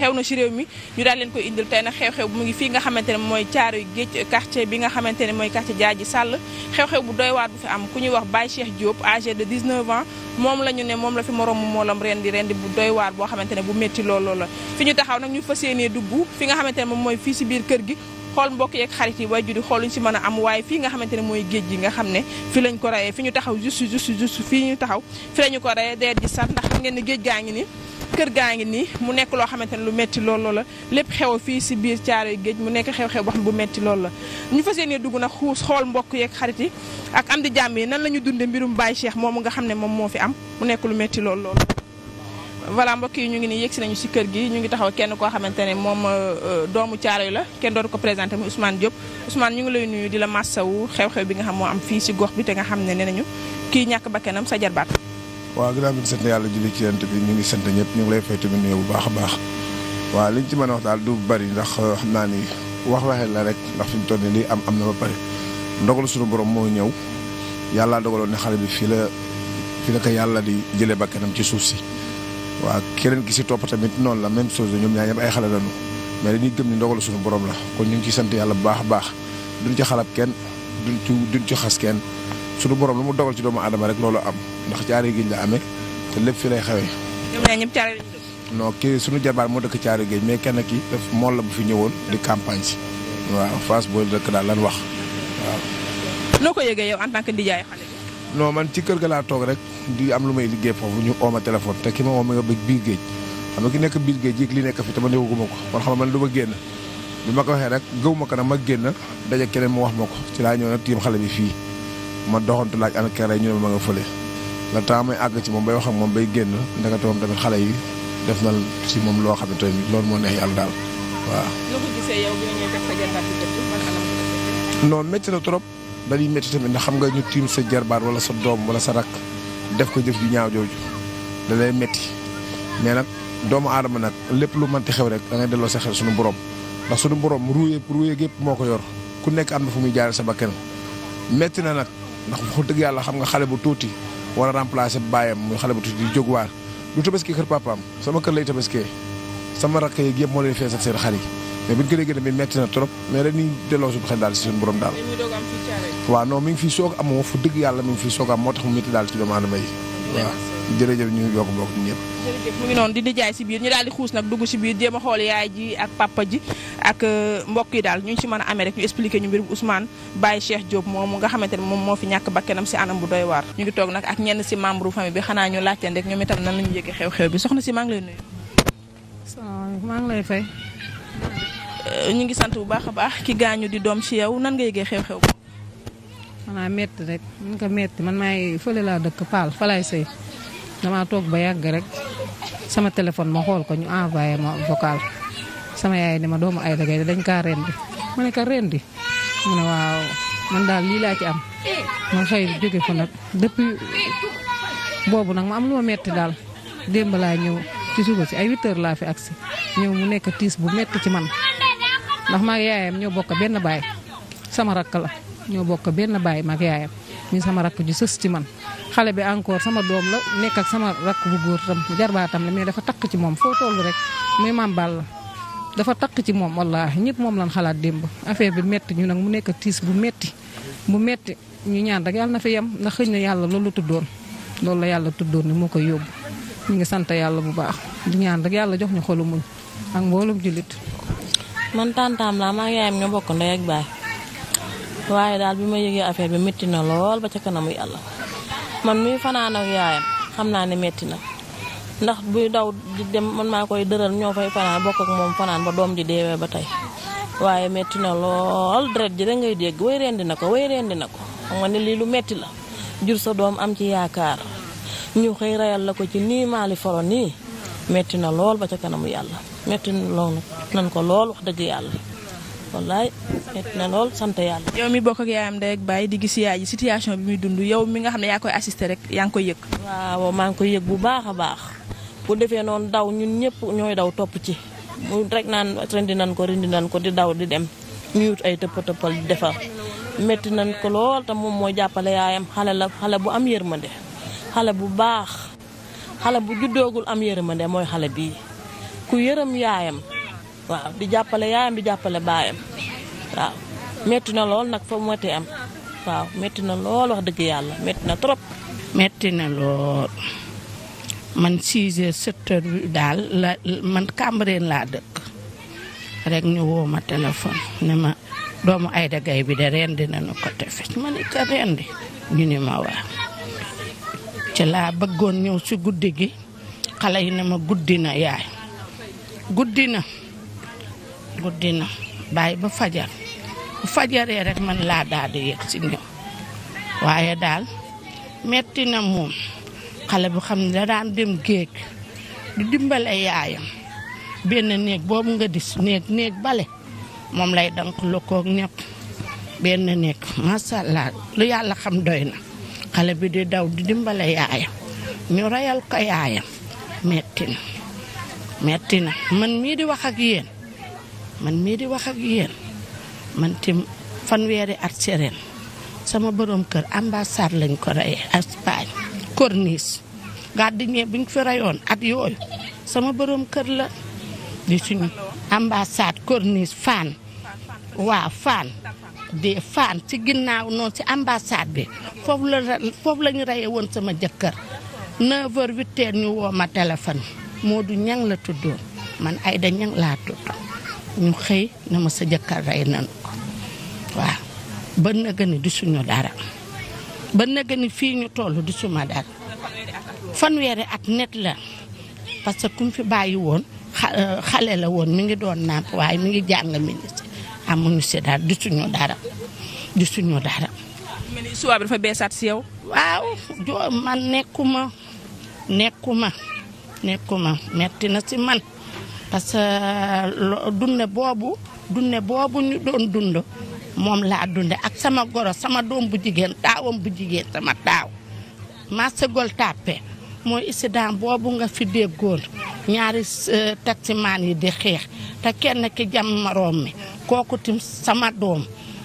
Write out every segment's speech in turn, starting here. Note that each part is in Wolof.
xew na ci réew mi ñu daal leen ko indil tey nag xew-xew bu mu ngi fii nga xamante ne mooy caaru géej quartier bi nga xamante ne mooy quartier Diadji Sall xew-xew bu doy waar bu fi am ku ñuy wax Baye Cheikh Diop âgé de 19 ans moom lañu ne moom la fi moroom moolam ren di ren bu doy waar boo xamante ne bu métti lool lool la fi ñu taxaw nag ñu fas yéenee dugg fi nga xamante ne moom mooy fii ci biir kër gi xool mbokk yeek xarit yi waajur yi xool luñ si mën a am waaye fii nga xamante ne mooy géej gi nga xam ne fi lañ ko rayee fi ñu taxaw juste juste juste fii ñu taxaw fi lañu ko rayee deet ji sar ndax xam ngeen ne géej gaa ngi ni kër gaa ngi nii mu nekk loo xamante ne lu metti lool la lépp xew fii si biir caaroy géej mu nekk xew-xew boo bu metti lool la ñu fas yéene dugg nag xuus xool mbokk yeeg xarit yi ak am di jàmm yi nan la ñu dunde mbirum Baye Cheikh moomu nga xam ne moom moo fi am mu nekk lu metti lool loolu voilà mbokk yi ñu ngi nii yegsi nañu si kër gi ñu ngi taxaw kenn koo xamante ne moom euh, euh, doomu Caaroy la kenn dootu ko présenté muy Ousmane Diop Ousmane ñu ngi lay nuyu di la massawu xew-xew bi nga xam moo am si gox bi te nga xam ne nee nañu kii ñàkk bakkanam sa jarbaat waaw ginnaaw bi ñu sant yàlla julli ci yent bi ngi sant ñëpp ñu ngi lay fay tamit nuyu bu baax a baax waaw liñ ci mën a wax daal du bari ndax euh, xam naa ni wax waxee la rek ndax fi mu toll ne lii am am na ba pare ndogalu suñu borom moo ñëw yàlla dogaloon ne xale bi fii la fii la ko yàlla di jëlee bakkanam ci suuf si waaw keneen ki si topp tamit noonu la même chose ñoom ñaar ñëpp ay xale lañu mais dañuy gëm ni ndogalu suñu borom la kon ñu ngi ciy sant yàlla bu baax a baax ci xalab kenn du ci duñ ci xas kenn suñu borom lu mu dogal ci doomu adama rek loolu am ndax caari géej la amee te lépp fi lay xewee. ñoom ñaar ñëpp caari suñu jabaar moo dëkk caari géej mais kenn ki daf mool la bu fi ñëwoon di campagne si. waaw Fass booy dëkk daal lan wax waaw. non man ci kër ga laa toog rek di am lu may liggéey foofu ñu ooma téléphone te ki ma woo ma nga biir géej xam nga ki nekk biir géej yéeg li nekk fi te man yëguma ko man xam man du ma génn bi ma ko waxee rek gëw ma ko nag ma génn daje keneen mu wax ma ko ci laa ñëw nag tiim xale bi fii ma doxantu laaj ana kenn rek ñu ne ma nga fële la temps may àgg ci moom bay wax ak moom bay génn ndekete moom tamit xale yi def na ci moom loo xamante ni loolu moo neex yàlla daal waaw. noo ko trop. dañuy métti tamit ndax xam nga ñu tiim sa jarbaat wala sa doom wala sa rakk def ko jëf ju ñaaw jooju dalay lay métti mais nag doomu aadama nag lépp lu mënti xew rek da ngay delloo sa xel suñu borom ndax suñu borom ruuye ruuye gépp moo ko yor ku nekk am na fu muy jaare sa bakkan métti na nag ndax wax dëgg yàlla xam nga xale bu tuuti war a remplacer baayam muy xale bu tuuti di jóg waar du tabaski kër papaam sama kër lay tabaskee sama rakk yeeg yëpp moo lay feesal seen xar yi mais bu ñu ko déggee tamit metti na trop mais dañuy delloo suñu xel daal si amoo fu dëgg yàlla mi ngi fi soog moo tax mu daal ci doomu aadama yi. waaw ñu yokk mbokk ñun ñëpp. ngi noonu di nijaay si biir ñu daal di xuus nag dugg si biir jéem xool yaay ji ak papa ji ak euh, mbokk yi daal ñu ngi si mën a amee rek ñu expliqué ñu mbir bu Ousmane Baye Cheikh Diop moomu nga xamante ne moom moo fi ñàkk bakkanam si anam bu doy waar ñu ngi toog nag ak ñenn si membre famille bi xanaa ñu laajteen rek ñoom itam nan la ñu yëgee xew-xew bi soxna si maa ngi nuyu. salaamaaleykum lay fay. Euh, ñu ngi sant bu baax a baax ki gaañu di doom ci yow nan nga yëgee xew-xew boobu. xanaa metti rek mun ko metti man maay fële laa dëkk Paal fa laay sëy toog ba yàgg rek sama téléphone ma xool ko ñu envoyé ma vocal sama yaay ne ma doomu ay dagay dañ kaa rendi ma ne ko rendi mu ne daal lii laa ci am ma xëy jóge fa nag dëpp boobu nag ma am lu ma metti daal démb laa ñëw ci suba si ay 8 laa fi agsi ñëw mu nekk tiis bu metti ci man. ndax maag yaayam ñoo bokk benn baay sama rakk la ñoo bokk benn baay maag yaayam mi sama rakk ji sës ci man xale bi encore sama doom la nekk ak sama rakk bu góor tam jarbaatam la mais dafa takk ci moom foo toll rek muy maam Ball la dafa takk ci moom wallaahi ñëpp moom lan xalaat démb affaire bi metti ñu nag mu nekk tiis bu metti bu metti ñu ñaan rek yàlla na fi yem ndax xëñ na yàlla loolu tuddoon loolu la yàlla tuddoon ni moo koy yóbbu ñu ngi sant yàlla bu baax di ñaan rek yàlla jox ñu xolu muñ ak mboolum jullit man tantaam laa maa yaayam ñoo bokk ndey ak baay waaye daal bi ma yëgee affaire bi métti na lool ba ca kanamu yàlla man muy fanaan ak yaayam xam naa ne metti na ndax buy daw di dem man maa koy dëral ñoo fay fanaan bokk ak moom fanaan ba doom di deewee ba tey waaye metti na lool deret ji da ngay dégg way rendi na ko way rendi na ko xam nga ne lii lu metti la jur sa doom am ci yaakaar ñu xëy rayal la ko ci nii maali foro nii metti na lool ba ca kanamu yàlla metti na loolu nan ko lool wax dëgg yàlla wallaay metti na lool sant yàlla. yow mi bokk ak yaayam ndey ak baay di gis yaay ji situation bi muy dund yow mi nga xam ne yaa koy assister rek yaa ngi koy yëg. waaw maa ngi koy yëg bu baax a baax bu defee noonu daw ñun ñëpp ñooy daw topp ci mu rek naan rendi nan ko rendi nan ko di daw di dem ñu wut ay tëpp tëppal di defar metti nan ko lool te moom moo jàppale yaayam xale la xale bu am yërmande xale bu xale bu juddoogul am yërëmande mooy xale bii ku yërëm yaayam waaw di jàppale yaayam di jàppale baayam waaw metti na lool nag foo mu mati am waaw metti na lool wax dëgg yàlla metti na trop. metti na man 6 heures daal la man Cambérène laa dëkk rek ñu woo ma téléphone ne ma doomu Aïda Gaye bi de rendi nañu ko tefes ma ne ko rendi ñu ne ma waaw. ci laa bëggoon ñëw ci guddi gi xale yi ne ma guddi na yaay guddi na guddi na bàyyi ba fajar fajaree rek man laa daal di si ñëw waaye daal metti na moom xale bu xam ne da daan dem géej du dimbale yaayam benn néeg boobu nga dis néeg néeg bale moom lay dank lu koog ñëpp benn néeg macha lu yàlla xam doy na xale bi di daw di dimbale yaayam ñu reyal ko yaayam metti na man mii di wax ak yéen man mii di wax ak yéen man tim fanweeri at sereen sama borom kër ambassade lañ ko reyee Espagne Corniche gardien bi ñu fi reyoon at yooyu sama borom kër la di suñu ambassade Corniche Fann waa Fann di fan ci ginnaaw noonu ci ambassade bi foofu la foofu ñu reye woon sama jëkkër 9 heures 8 ñu woo ma téléphone Modou Niang la tuddoon man ay Niang laa ñu xëy na ma sa jëkkër rey nañu ko waaw ba naga du suñu dara ba naga fii ñu toll du suma dara fanweeri at net la parce que ku fi bàyyi woon euh, xale la woon mi ngi doon nàmp waaye mu ngi jàng ministre amuñu si dara du suñu dara du suñu dara. mel ni suba bi dafa beesaat si yow. waaw joo man nekkuma nekkuma nekkuma metti na si man parce que dunde boobu dunde boobu ñu doon dund moom laa dunde ak sama goro sama doom bu jigéen taawam bu jigéen sama taaw maa sëgol tàppe mooy accident boobu nga fi góor ñaari euh, taximaan yi di xeex te kenn ki jam maroom mi kooku tim sama doom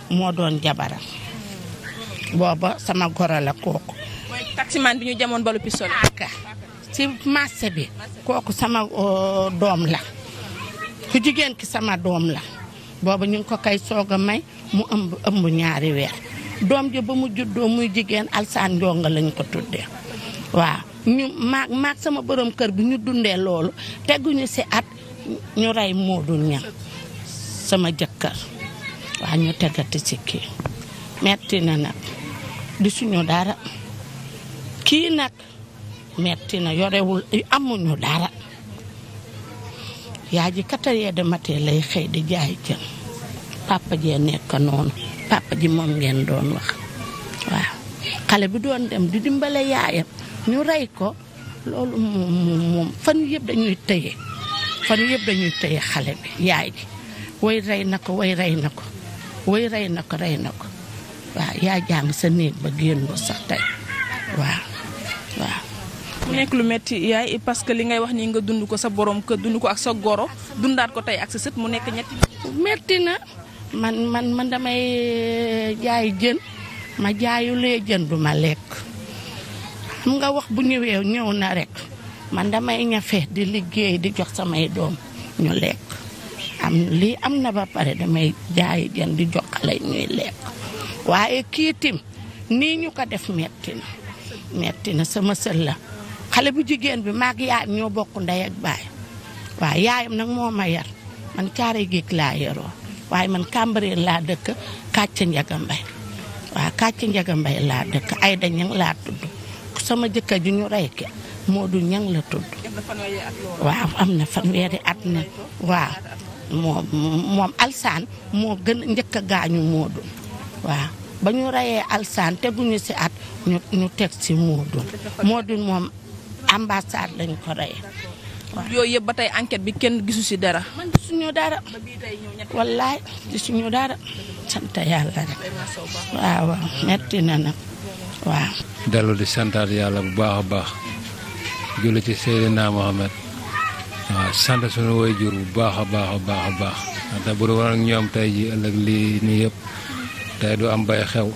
moo doon jabaram booba sama goro la kooku. mooy bi ñu jamoon balu pistolet. ci marché bi kooku sama euh, doom la ku jigéen ki sama doom la booba ñu ngi ko kay soog a may mu ëmb ëmb ñaari weer doom ji ba mu juddoo muy jigéen alsaan njonga lañ ko tuddee waaw. ñu maag maag sama borom kër bi ñu dundee loolu teguñu si at ñu rey Modou Niang sama jëkkër waa ñu tegati ci kii metti na nag di suñu dara kii nag metti na yorewul amuñu dara yaa ji quatre heures de matin lay xëy di jaay jën papa jee nekk noonu papa ji moom ngeen doon wax waaw xale bi doon dem di dimbale yaayam ñu rey ko loolu moom moom fan yëpp dañuy tëye fan yëpp dañuy tëye xale bi yaay ji woy rey na ko way rey na ko way rey na ko rey na ko waaw yaa jàng sa néeg ba génnoo sax tey waaw waaw. mu nekk lu metti yaay parce que li ngay wax nii nga dund ko sa borom kër dund ko ak sa goro dundaat ko tey ak sa sët mu nekk ñetti. metti na man man man damay eh, jaay jën ma jaayu jën du ma lekk. xam nga wax bu ñëwee ñëw na rek man damay ñafe di liggéey di jox samay doom ñu lekk am lii am na ba pare damay jaayi jën di jox xale ñuy lekk waaye kiitim nii ñu ko def metti na metti na sama sël la xale bu jigéen bi mag yaayam ñoo bokk ndey ak baay waaye yaayam nag moo ma yar man caare géej laa yaroo waaye man Cambérène laa dëkk kàcc njaga mbay waaw kàcc njaga mbay laa dëkk ay dañang laa tudd sama jëkkër ju ñu rey ki Modou Niang la tudd waaw am na fanweeri at na waaw moom alsaan moo gën a njëkk a gaañu Modou waaw ba ñu reyee alsaan teguñu si at ñu teg si Modou Modou moom ambassade lañ ko reyee waaw yooyu yëpp ba tey enquête bi kenn gisu si dara. man gisuñu dara. dara. sant yàlla rek. waaw metti na waaw. dellu di santaat yàlla bu baax a baax julli ci Seydina Mohamed waaw sant sunu jur bu baax a baax baax a baax ndax bu dul woon ak ñoom tey ji ëllëg lii nii yëpp tey du am bay xew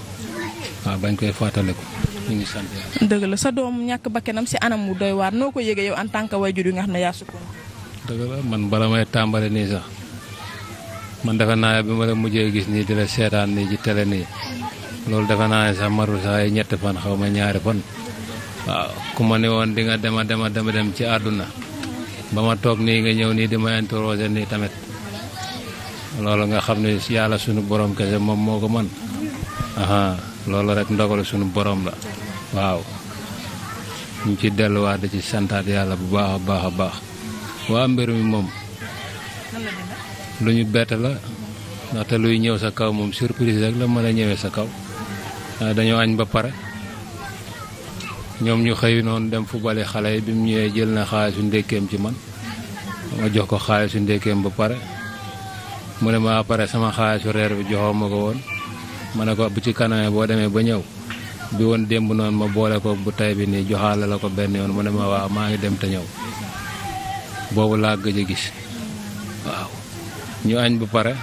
waaw bañ koy fàttaliku ñu ngi sant dëgg la sa doom ñàkk bakkanam si anam wu doy waar noo ko yëgee yow en tant que jur yi nga xam ne yaa sukkoon. dëgg la man bala may tàmbali nii sax man defe naa bi ma la mujjee gis nii di la seetaan nii ci télé nii. loolu defe naa ne sax matul sax ay ñetti fan xaw ma ñaari fan waaw ku ma ne woon di nga dema dema dema dem ci àdduna ba ma toog nii nga ñëw nii di ma interroger nii tamit loolu nga xam ne yàlla sunu boroom kese moom moo ko man loolu rek ndogalu sunu boroom la waaw ñu ci delluwaat di ci santaat yàlla bu baax a baax a baax waa mbir mi moom lu ñu bett la ndaxte luy ñëw sa kaw moom surprise rek la mën a ñëwee sa kaw Euh, dañoo añ ba pare ñoom ñu xëy noonu dem fubali xale yi bi mu ñëwee jël na xaalisu ndékkeem ci man ma jox ko xaalisu ndékkeem ba pare mu ne ma pare sama xaalisu reer bi joxoo ma ko woon ma ne ko bu ci kanamee boo demee ba ñëw bi woon démb noonu ma boole ko bu tay bi nii joxaale la ko benn yoon mu ne ma waa maa ngi dem te ñëw boobu laa gëj a gis waaw ñu añ ba pare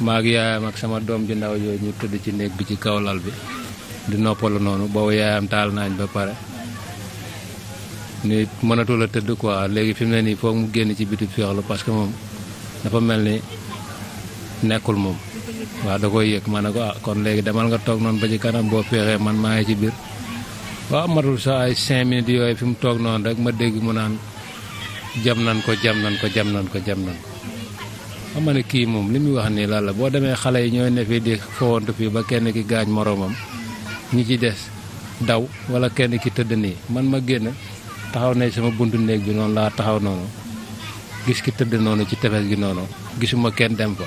maag yaayam ak sama doom ju ndaw yooyu ñu tëdd ci néeg bi ci kaw lal bi di noppalu noonu boobu yaayam taal naañ ba pare nit mënatul a tëdd quoi léegi fi mu ne nii foog mu génn ci biti féexlu parce que moom dafa mel ni nekkul moom waaw da ko yëg ma ne ko ah kon léegi demal nga toog noonu ba ci kanam boo féexee man maa ngi ci biir waaw matul sax ay cinq minutes yooyu fi mu toog noonu rek ma dégg mu naan jam nan ko jam nan ko jam nan ko jam nan ko xam nga ne kii moom li muy wax nii lan la boo demee xale yi ñooy ne fii di fowantu fii ba kenn ki gaañ moroomam ñi ci des daw wala kenn ki tëdd nii man ma génn taxaw ne sama buntu néeg bi noonu laa taxaw noonu gis ki tëdd noonu ci tefes gi noonu gisuma kenn dem fa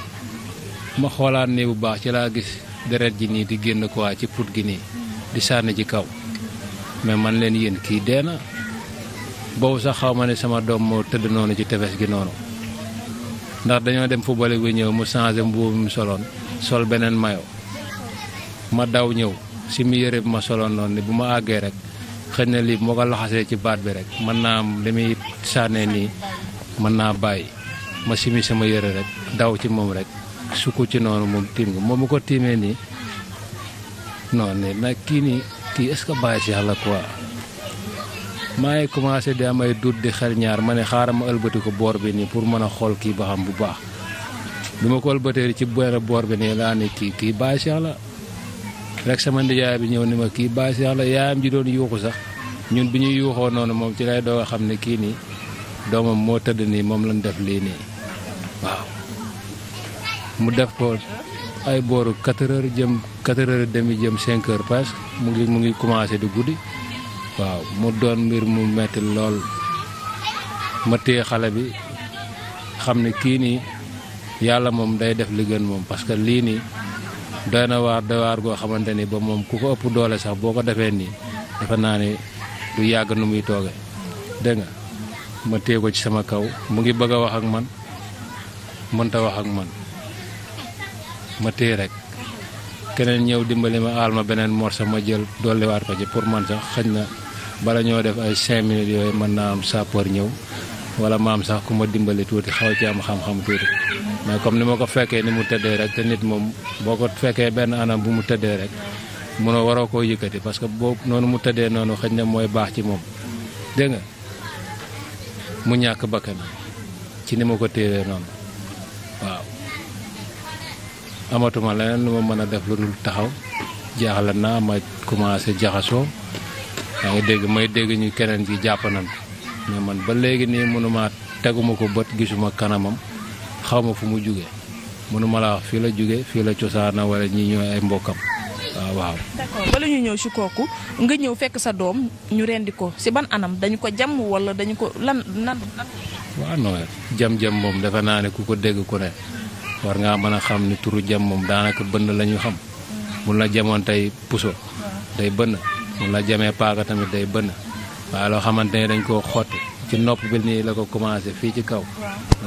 ma xoolaat nii bu baax ci laa gis deret ji nii di génn quoi ci put gi nii di sànni ci kaw mais man leen yéen kii dee na boobu sax xaw ma ne sama doom moo tëdd noonu ci tefes gi noonu ndax dañoo dem football ba ñëw mu changé mbuubu mu soloon sol beneen mayo ma daw ñëw si mi yëre bi ma soloon noonu ni bu ma àggee rek xëy na lii moo ko laxasee ci baat bi rek mën naa am li muy sànnee nii mën naa bàyyi ma simi sama yëre rek daw ci moom rek sukku ci noonu moom tiim moom mu ko tiimee nii non ne nag kii nii kii est-ce que bàyyi si yàlla quoi maa ngi commencé di am ay dut di xel ñaar ma ne xaaral ma ëlbati ko boor bi nii pour mën a xool kii ba xam bu baax bi ma ko ëlbatee ci benn boor bi nii laa ne kii kii Baye Cheikh la rek sama ndijaay bi ñëw ni ma kii Baye Cheikh la yaayam ji doon yuuxu sax ñun bi ñuy yuuxoo noonu moom ci lay doog xam ne kii nii doomam moo tëdd nii moom lañ def lii nii waaw mu def ko ay booru 4 heures jëm 4 heures demi jëm 5 heures presque mu ngi mu ngi commencé di guddi waaw mu doon mbir mu metti lool ma téye xale bi xam ne kii nii yàlla moom day def li gën moom parce que lii nii doy na waar doy waar goo xamante ni ba moom ku ko ëpp doole sax boo ko defee nii dafa naa ne du yàgg nu muy tooge dégg nga ma téye ko ci sama kaw mu ngi bëgg a wax ak man mënta wax ak man ma téye rek keneen ñëw dimbali ma aal ma beneen morceau ma jël dolliwaat ko ci pour man sax xëy na bala ñoo def ay cinq minutes yooyu mën naa am sapeur ñëw wala maam sax ku ma dimbali tuuti xaw ci am xam-xam tuuti mais comme ni ma ko fekkee ni mu tëddee rek te nit moom boo ko fekkee benn anam bu mu tëddee rek munoo waroo koo yëkkati parce que boo noonu mu tëddee noonu xëy ne mooy baax ci moom dégg nga mu ñàkk bakkanam ci ni ma ko téeree noonu waaw amatuma leneen lu ma mën a def lu dul taxaw jaaxle naa ma commencé jaxasoo yaa ngi dégg may dégg ñu keneen jàpp jàppanam mais man ba léegi nii mënuma teguma ko bët gisuma kanamam xaw ma fu mu jugee mënuma laa wax fii la jóge fii la cosaana wala ñi ñooy ay mbokkam waaw waaw. ñëw si kooku nga ñëw fekk sa doom ñu rendi ko si ban anam dañu ko jam wala dañu ko lan nan. waaw non jam moom defe naa ne ku ko dégg ku ne war ngaa mën a xam ni turu jam moom daanaka bënn la ñu xam mm. mun la jamoon tey puso day bënn. moom la jamee paaka tamit day bënn waaye loo xamante ne dañ koo xotti ci nopp bi nii la ko commencé fii ci kaw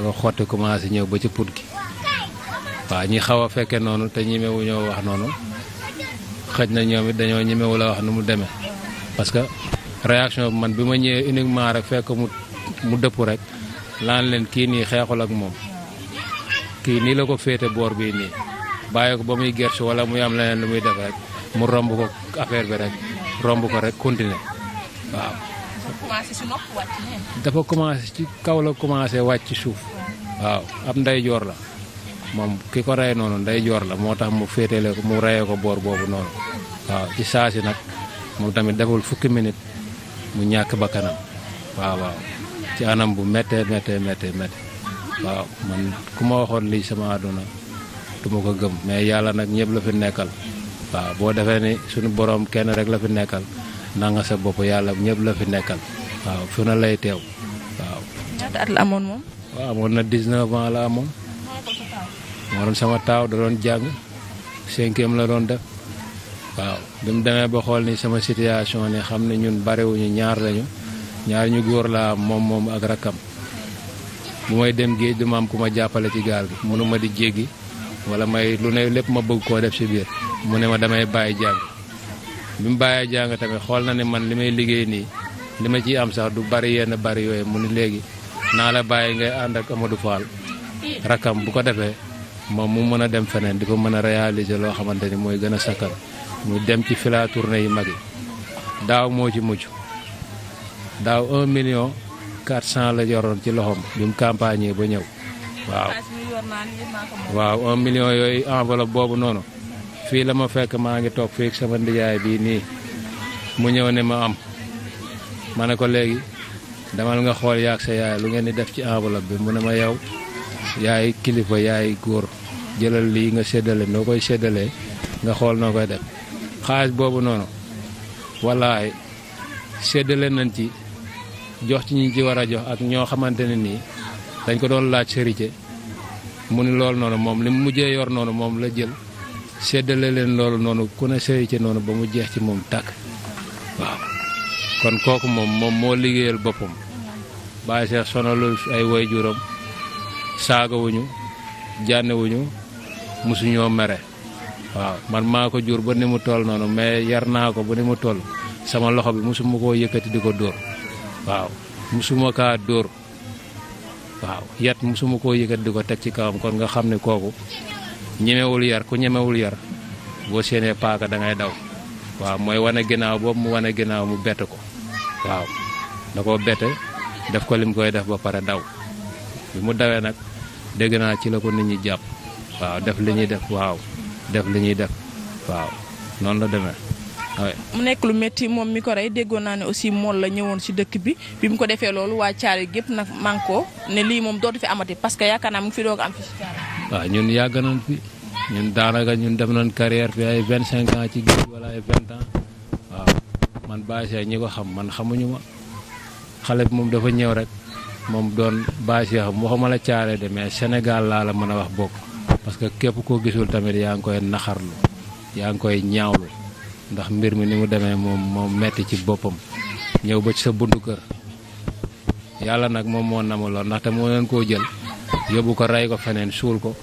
la xotti commencé ñëw ba ci put gi waaw ñi xaw a fekkee noonu te ñimewu ñoo wax noonu xëj na ñoom it dañoo ñimewu la wax nu mu demee parce que réaction bi man bi ma ñëwee uniquement rek fekk mu mu dëpp rek laan leen kii nii xeexul ak moom kii nii la ko féete boor bii nii bàyyi ko ba muy gerte wala muy am leneen lu muy def rek mu romb ko affaire bi rek romb ko rek continuer waaw. dafa commencé ci kaw la commencé wàcc ci suuf. waaw ab ndeyjoor la moom ki ko rey noonu ndeyjoor la moo tax mu féetale ko mu reyee ko boor boobu noonu waaw ci saa nag moom tamit deful fukki minute mu ñàkk bakkanam waaw waaw ci anam bu méttee méttee méttee waaw man ku ma waxoon lii sama àdduna du ko gëm mais yàlla nag ñëpp la fi nekkal. waaw boo defee ni suñu boroom kenn rek la fi nekkal na sa bopp yàlla ñëpp la fi nekkal waaw fu na lay teew waaw. ñaata at la amoon moom. waaw amoon na 19 ans la amoon. sama taaw da doon jàng la doon def waaw bi ba xool sama situation ni xam ne ñun bariwuñu ñaar lañu ñaar góor la am moom ak rakkam bu may dem géej du ma am ku ma jàppale ci gaal gi mënuma di jéggi wala may lu ne lépp ma bëgg koo def si biir. mu ne ma damay bàyyi jàng bi mu bàyyee jàng tamit xool na ne man li may liggéey nii li ma ciy am sax du bari yenn bari yooyu mu ni léegi naa la bàyyi ngay ànd ak Amadou Fall bu ko defee moom mu mën a dem feneen di ko mën a réaliser loo xamante ni mooy gën a sakkan mu dem ci fila tournée yi mag yi daaw moo ci mujj daaw un million quatre cent la yoroon ci loxoom bi mu campagne ba ñëw waaw waaw un million yooyu enveloppe boobu noonu fii la ma fekk maa ngi toog fii sama ndijaay bii nii mu ñëw ne ma am ma ne ko léegi demal nga xool yaag sa yaay lu ngeen di def ci enveloppe bi mu ne ma yow yaay kilifa yaay góor jëlal lii nga séddale noo koy séddalee nga xool noo koy def xaalis boobu noonu wallaay séddale nañ ci jox ci ñu ci war a jox ak ñoo xamante ne nii dañ ko doon laaj sérité mu ni loolu noonu moom li mu mujjee yor noonu moom la jël seddale leen loolu noonu ku ne sëy ci noonu ba mu jeex ci moom tàkk waaw kon kooku moom moom moo liggéeyal boppam bàyyi seex sonalul ay waajuram saagawuñu jànnewuñu musuñoo mere waaw man maa ko jur ba ni mu toll noonu mais yar naa ko ba ni mu toll sama loxo bi musuma koo yëkkati di ko dóor waaw musuma kaa dóor waaw yat musuma koo yëkkati di ko teg ci kawam kon nga xam ne kooku ñemewul yar ku ñemewul yar boo séenee paaka da ngay daw waaw mooy wane ginnaaw boobu mu wane ginnaaw mu bett ko waaw da koo def ko lim koy def ba pare daw bi mu dawee nag dégg naa ci la ko nit ñi jàpp waaw def li ñuy def waaw def li ñuy def waaw noonu la demee. mu nekk lu métti moom mi ko rey déggoon naa ne aussi mool la ñëwoon si dëkk bi bi mu ko defee loolu waa caare gépp nag man ne lii moom dootu fi amati parce que yaakaar naa mu ngi fi doog am fi waaw ñun yàgg nañ fi ñun daanaka ñun def nañ carrière fi ay vingt cinq ans ci géej wala ay vingt ans waaw man Baye Cheikh ñi ko xam man xamuñu ma xale bi moom dafa ñëw rek moom doon Baye Cheikh waxuma la caaree de mais Sénégal laa la mën a wax bokk parce que képp koo gisul tamit yaa ngi koy naxarlu yaa ngi koy ñaawlu ndax mbir mi ni mu demee moom moo metti ci boppam ñëw ba ci sa buntu kër yàlla nag moom moo namaloon ndaxte moo leen koo jël yóbbu ko rey ko feneen suul ko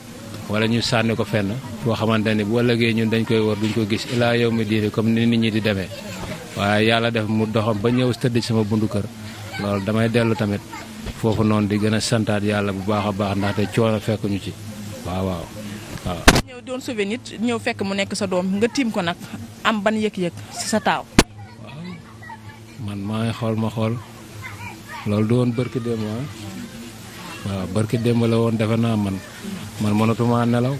wala ñu sànni ko fenn foo xamante ni bu ëllëgee ñun dañ koy wër duñ ko gis ilaa yow mi diiri comme ni nit ñi di demee waaye yàlla def mu doxam ba ñëw tëdd sama bundu kër loolu damay dellu tamit foofu noonu di gën a santaat yàlla bu baax a baax ndaxte coono fekk ñu ci waaw waaw waaw. ñëw doon ñëw fekk mu nekk sa doom nga tiim ko nag am ban yëg-yëg si man maa xool ma xool loolu du woon barki waaw barki démb la woon defe naa man man mënatuma nelaw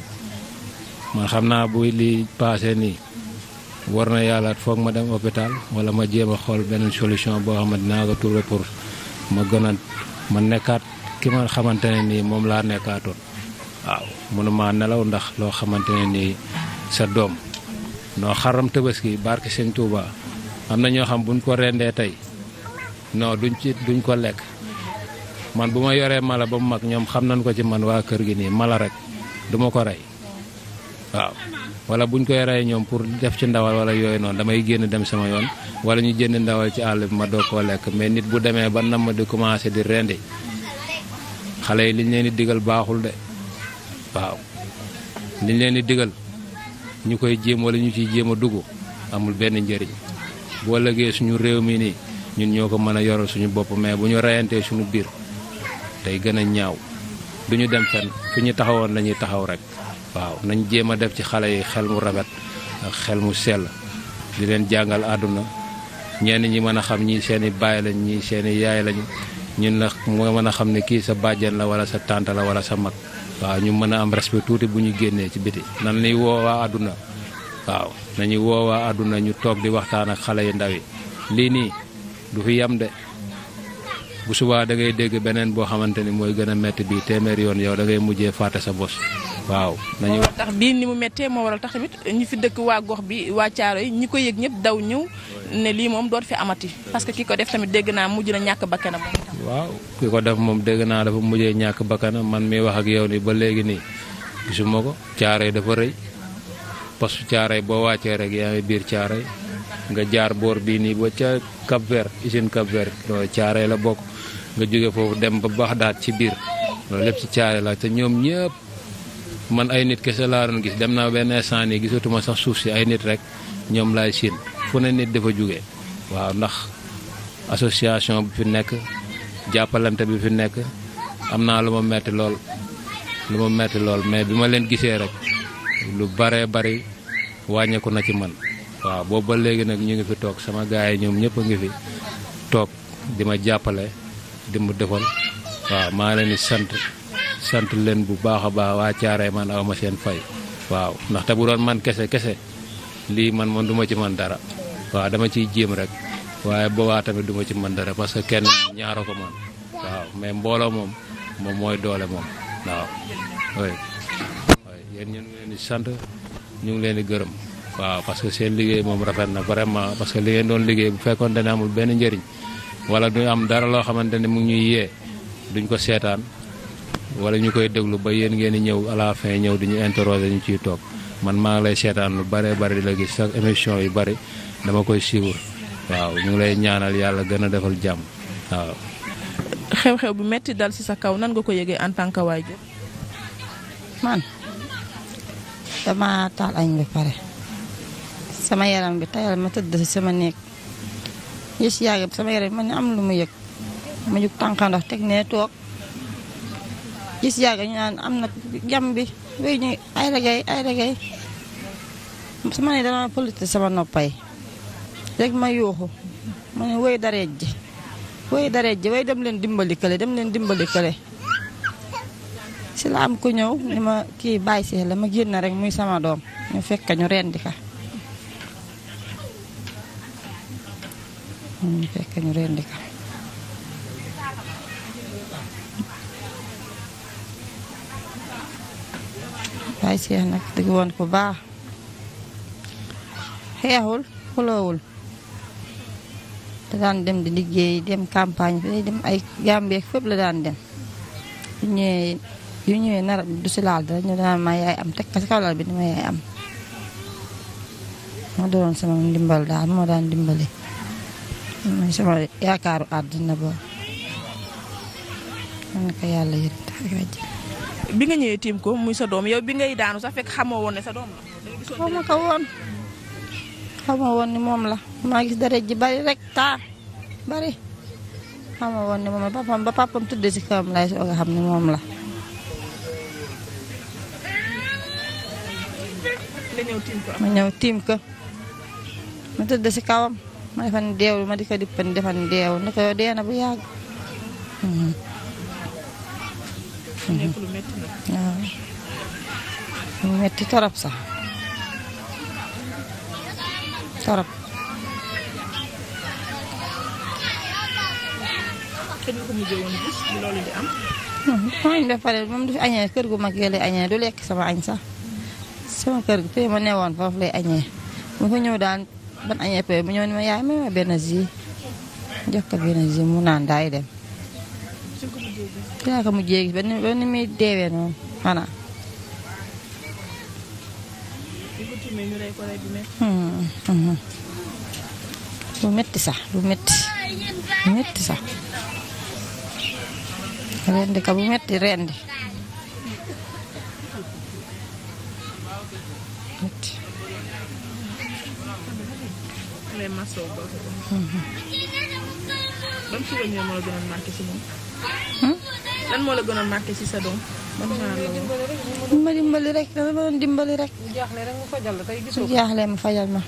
man xam naa bu lii paase nii war na yàllaat foog ma dem hôpital wala ma jéem a xool benn solution boo xamante ne dinaa ko pour ma gën a ma nekkaat ki ma xamante ne nii moom laa nekkaatoon waaw mënuma nelaw ndax loo xamante ne nii sa doom noo xaram tabaski barke sëñ Touba am na ñoo xam buñ ko rendee tey non duñ ci duñ ko lekk man bu ma yoree mala ba mu mag ñoom xam nañ ko ci man waa kër gi nii mala rek du ma ko rey waaw wala buñ koy rey ñoom pour def ci ndawal wala yooyu noonu damay génn dem sama yoon wala ñu jënd ndawal ci àll bi ma doog koo lekk mais nit bu demee ba nam ma di commencé di rendi xale yi liñ leen di digal baaxul de waaw liñ leen di digal ñu koy jéem wala ñu ciy jéem a dugg amul benn njëriñ boo lëgee suñu réew mi nii ñun ñoo ko mën a yoral suñu bopp mais bu ñu reyantee suñu biir day gën ñaaw du ñu dem fenn fi ñu taxawoon la ñuy taxaw rek waaw nañ jéem a def ci xale yi xel mu rafet ak xel mu sell di leen jàngal àdduna ñenn ñi mën a xam ñi seeni i baay lañ ñii seen i yaay lañ ñun la moo mën a xam ne kii sa bàjjen la wala sa tante la wala sa mag waaw ñu mën a am respect tuuti bu ñu génnee ci biti nan lay woowaa àdduna waaw nañuy woowaa àdduna ñu toog di waxtaan ak xale yu ndaw yi lii nii du fi yam de bu subaa da ngay dégg beneen boo xamante ni mooy gën a métti bi téeméer yoon yow dangay ngay mujjee fàtte sa bos waaw. nañu tax bii ni mu mettee moo waral tax tamit ñi fi dëkk waa gox bi waa caaro yi ñi ko yëg ñëpp daw ñëw ne lii moom doot fi amati parce que ki ko def tamit dégg naa mujj na ñàkk bakkanam. waaw ki ko def moom dégg naa dafa mujjee ñàkk bakkanam man mi wax ak yow ni ba léegi nii gisuma ko caaro yi dafa rëy parce caaro yi boo wàccee rek yaa ngi biir caaro yi nga jaar boor bii nii ba ca Cap Vert usine la bokk. nga jóge foofu dem ba baax Baxdaad ci biir loolu lépp ci caare ñoom ñëpp man ay nit kese laa gis dem naa benn instant gisatuma sax suuf si ay nit rek ñoom laay siin fu ne nit dafa jóge waaw ndax association bi fi nekk jàppalante bi fi nekk am naa lu ma metti lool lu ma metti lool mais bi ma leen gisee lu baree bari wàññeeku na ci man waaw boobu ba léegi nag ñu ngi fi toog sama gars yi ñoom ñëpp a ngi fi toog di ma jàppale di mu defal waaw maa leen sant sant leen bu baax a baax waa Caaroy man aw ma seen fay waaw ndaxte bu doon man kese kese lii man man du ma ci man dara waaw dama ciy jéem rek waaye boobaa tamit du ma ci man dara parce que kenn ñaara ko man waaw mais mbooloo moom moom mooy doole moom waaw oui yéen ñu ngi leen sant ñu ngi leen di gërëm waaw parce que seen liggéey moom rafet na vraiment parce que li ngeen doon liggéey bu fekkoon dana amul benn njariñ wala du am dara loo xamante ne mu ñuy yee duñ ko seetaan wala ñu koy déglu ba yéen ngeen di ñëw à la fin ñëw di ñu ñu ciy toog man maa ngi lay seetaan lu bare bari di la gis chaque émission yu bari dama koy suivre waaw ñu ngi lay ñaanal yàlla gën a defal jàmm waaw. xew-xew bu metti dal ci sa kaw nan nga ko yëgee en tant que waajur man dama taal añ bi pare sama yaram bi tayal ma tëdd ci sama néeg. gis yaay sama yaram ni am lu mu yëg ma jug tànqa ndox teg nee toog gis yaaga ñu naan am na jam bi wéy ñu ay regay ay regay sama ne dama politi sama noppay rek ma yuuxu ma ne woy dareej ji woy dareej ji way dem leen dimbali kële dem leen dimbali kële si la am ku ñëw ni ma kii bàyyi si la ma génn rek muy sama doom ñu fekk ñu rendi ka moom ñu fekk ñu rendi ko waaye Cheikh nag dëgg woon ku baax xeexul xuloowul da daan dem di liggéey dem campagne bi dem ay Gambie fépp la daan dem yu ñëwee yu ñëwee nar du si laal ñu daan ma am teg ko si kaw lal bi dama yaay am moo sama ndimbal mooy sama yaakaaru àddina ba man ko yàlla yëg bi nga ñëwee tiim ko muy sa doom yow bi ngay daanu sa fekk xamoo woon sa doom la. xamoo ko woon xamoo woon ni moom la maa gis deret ji bari rek taa bari xamoo woon ni moom la papam ba papam tudde si kawam lay soo nga xam ni moom la. ma ñëw tiim ko ma ñëw si kawam. ma defan deewul ma di ko dippan defan deew ne ko dee na bu yàgg. Mm-hmm. nekk lu métti na. waaw mu métti torop sax torop. kenn ku mujjee woon gis loolu di am. xam hmm. nga pare moom du fi añee kër gu mag yi lay añee du lekk sama añ sax sama kër gu tey ma newoon foofu lay añee mu ko ñëw daan. ban añee pay mu ñëw ni ma yaay may ma benn jus jox ko benn jus mu naan dem dinaa ko mujjee gis ba ni muy deewee noonu xanaa hmm, hmm. lu métti sax lu métti métti sax rendi ka bu métti rendi Hmm? lay ci sa doom. dimbali rek dama jaaxlee mu fajal ma.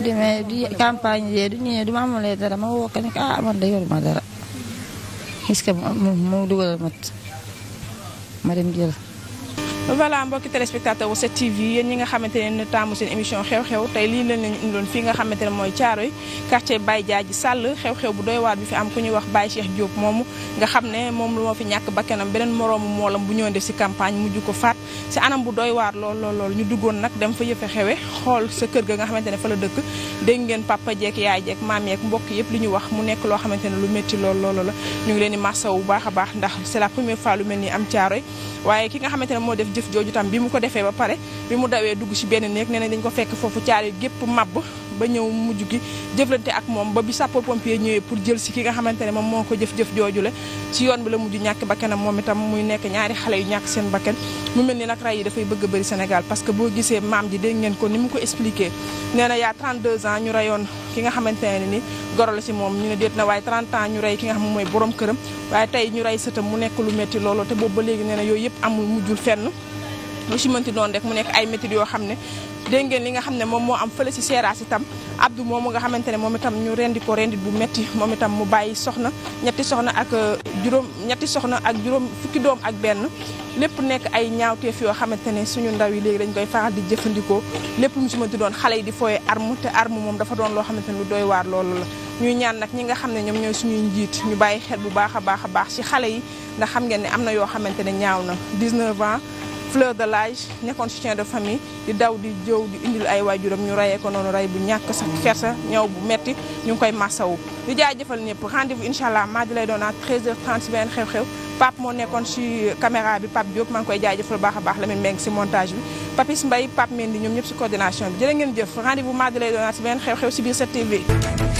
demee di campagne yee du ñëwee du ma amalee dara ma woo ko ah man de yor dara. gis nga mu mu dugalal mat ma dem jël. voilà mbokki téléspectateur wu 7TV yéen ñi nga xamante ne taamu seen émission xew-xew tey lii leen lañu indiloon fii nga xamante ne mooy Caaroy quartier Baye bu doy waar bi ñuy wax Baye Cheikh Diop moomu nga xam ne moom moo fi ñàkk bakkanam beneen moroomu moolam bu ñëwoon def si campagne mujj ko faat si anam bu doy waar lool lool lool ñu duggoon nag dem fa yëfe xewe xool sa kër ga nga xamante ne fa la dëkk dégg ngeen papa jeek yaay jeek maam yeek mbokk yëpp li ñu wax mu nekk loo xamante ne lu métti lool loolu la ñu ngi leen di massa bu baax baax ndax c'est la première fois lu mel ni am Caaroy waaye ki nga xamante moo def jëf jooju tam bi mu ko defee ba pare bi mu dawee dugg ci benn néeg nee dañ ko fekk foofu caare gépp mabb ba ñëw mujj gi jëflante ak moom ba bi sappo pompier ñëwee pour jël si ki nga xamante ne moom moo ko jëf-jëf jooju la ci yoon bi la mujj ñàkk ba bakkanam moom itam muy nekk ñaari xale yu ñàkk seen bakkan mu mel ni nag yi dafay bëgg a bëri Sénégal parce que boo gisee maam ji dégg ko ni mu ko expliqué nee na yaa 32 ñu rayoon ki nga xamante ne ni goro la si moom ñu ne déet na waaye 30 ñu rey ki nga xam borom këram waaye tey ñu rey sëtam mu nekk lu metti looloo te boobu ba léegi nee na yooyu yëpp amul mujjul fenn lu si mënti doon rek mu nekk ay métiers yoo xam ne dégg ngeen li nga xam ne moom moo am fële si seeraas itam Abdou moomu nga xamante ne moom itam ñu rendi ko rendi bu métti moom itam mu bàyyi soxna ñetti soxna ak euh, juróom ñetti soxna ak juróom fukki doom ak benn lépp nekk ay ñaawteef yoo xamante ne suñu ndaw yi léegi dañ koy faral di jëfandikoo lépp lu si mënti doon xale yi di fooye arme te arme moom dafa doon loo xamante ne lu doy waar loolu la ñuy ñaan nag ñi nga xam ne ñoom ñooy suñuy njiit ñu bàyyi xel bu baax a baax a baax ci xale yi ndax xam ngeen ne am na yoo xamante ne ñaaw na 19 ans fleur de lage nekkoon soutien de famille di daw di jëw di indi ay waajuram ñu rayee ko noonu ray bu ñàkk sax kersa ñëw bu metti ñu ngi koy massawu di jaajëfal ñëpp rendez-vous incha allah maa di lay doon à 13h30 si xew-xew Pape moo nekkoon si caméra bi Pape Diop maa ngi koy jaajëfal baax a baax la meen si montage bi Papis Mbaye Pape Mendy ñoom ñëpp si coordination bi jërë ngeen jëf rendez-vous maa di lay doon à si beneen xew biir 7